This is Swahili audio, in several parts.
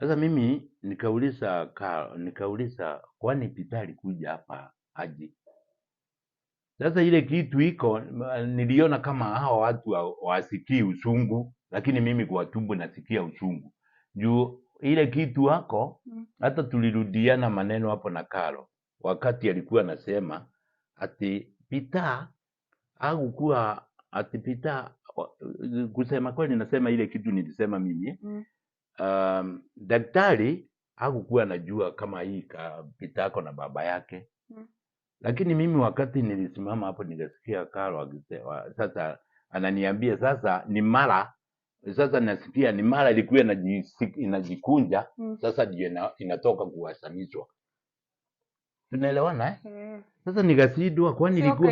Sasa mimi nikauliza ka, nikauliza kwani Peter alikuja hapa aje? Sasa ile kitu iko niliona kama hao watu wa uchungu, lakini mimi kwa tumbo nasikia uchungu juu ile kitu wako. Mm. Hata tulirudiana maneno hapo na Karo wakati alikuwa anasema ati Peter au kuwa ati Peter, kusema kweli, nasema ile kitu nilisema mimi mm um, daktari hakukuwa anajua kama hii kapitako na baba yake mm. Lakini mimi wakati nilisimama hapo nikasikia Karo akisema sasa, ananiambia sasa ni mara sasa nasikia ni mara ilikuwa inajikunja mm. Sasa ndio inatoka kuwasamishwa, tunaelewana eh? mm. Sasa nikasidwa, kwani ilikuwa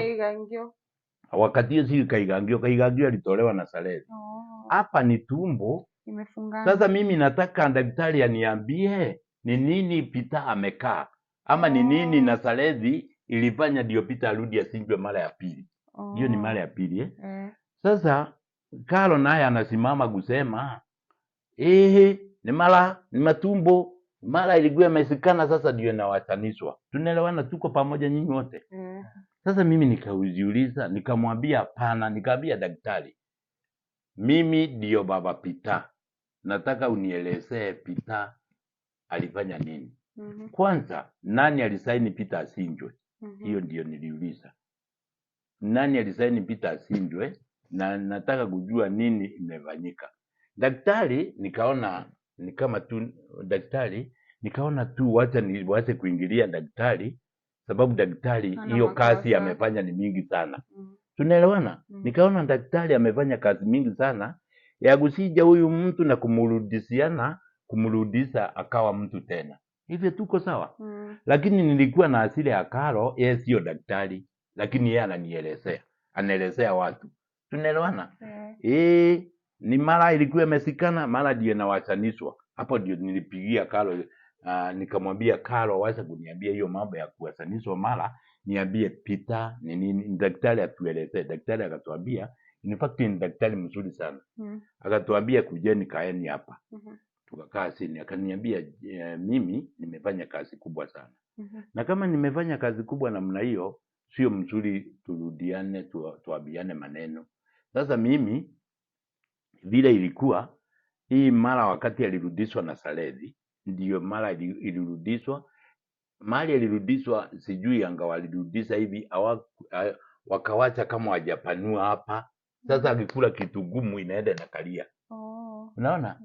wakati hiyo si kaigangio. Kaigangio alitolewa na Salesi oh. hapa oh. Ni tumbo sasa mimi nataka daktari aniambie ni nini Pita amekaa ama ni nini oh. Nazareti ilifanya ndio Pita arudi asinjwe mara ya pili. Hiyo ni oh. mara ya pili eh? Eh. Sasa Karo naye anasimama kusema ehe, ni mara ni matumbo mara ilikuwa imesikana, sasa ndio inawatanishwa. Tunaelewana, tuko pamoja nyinyi wote mm. Sasa mimi nikaujiuliza, nikamwambia hapana, nikaambia daktari, mimi ndio baba Pita mm nataka unielezee Peter alifanya nini? mm -hmm. Kwanza nani alisaini Peter asinjwe? mm hiyo Ndiyo niliuliza nani alisaini Peter asinjwe, na nataka kujua nini imefanyika. Daktari nikaona ni kama tu daktari nikaona tu wacha niwache kuingilia daktari, sababu daktari hiyo kazi amefanya ni mingi sana. mm -hmm. Tunaelewana? mm -hmm. Nikaona daktari amefanya kazi mingi sana ya kusija huyu mtu na kumrudisiana kumrudisha akawa mtu tena. Hivyo tuko sawa mm. Lakini nilikuwa na asili ya karo, yeye sio daktari, lakini yeye ananielezea, anaelezea watu, tunaelewana mm. E, ni mara ilikuwa imesikana, mara ndio nawachanishwa. Hapo ndio nilipigia karo uh, ah, nikamwambia karo waza kuniambia hiyo mambo ya kuwasanishwa mara niambie pita ni nini, daktari atuelezee. Daktari akatuambia In fact ni daktari mzuri sana mm. Akatuambia kujeni, kaeni hapa mm -hmm. Tukakaa sini akaniambia e, mimi nimefanya kazi kubwa sana mm -hmm. Na kama nimefanya kazi kubwa namna hiyo, sio mzuri turudiane, tuabiane maneno. Sasa mimi vile ilikuwa hii mara wakati alirudishwa na Saledi, ndiyo mara ilirudishwa mali alirudishwa, sijui angawalirudisha hivi wakawacha kama wajapanua hapa sasa akikula kitu gumu inaenda inakalia. Oh. Unaona?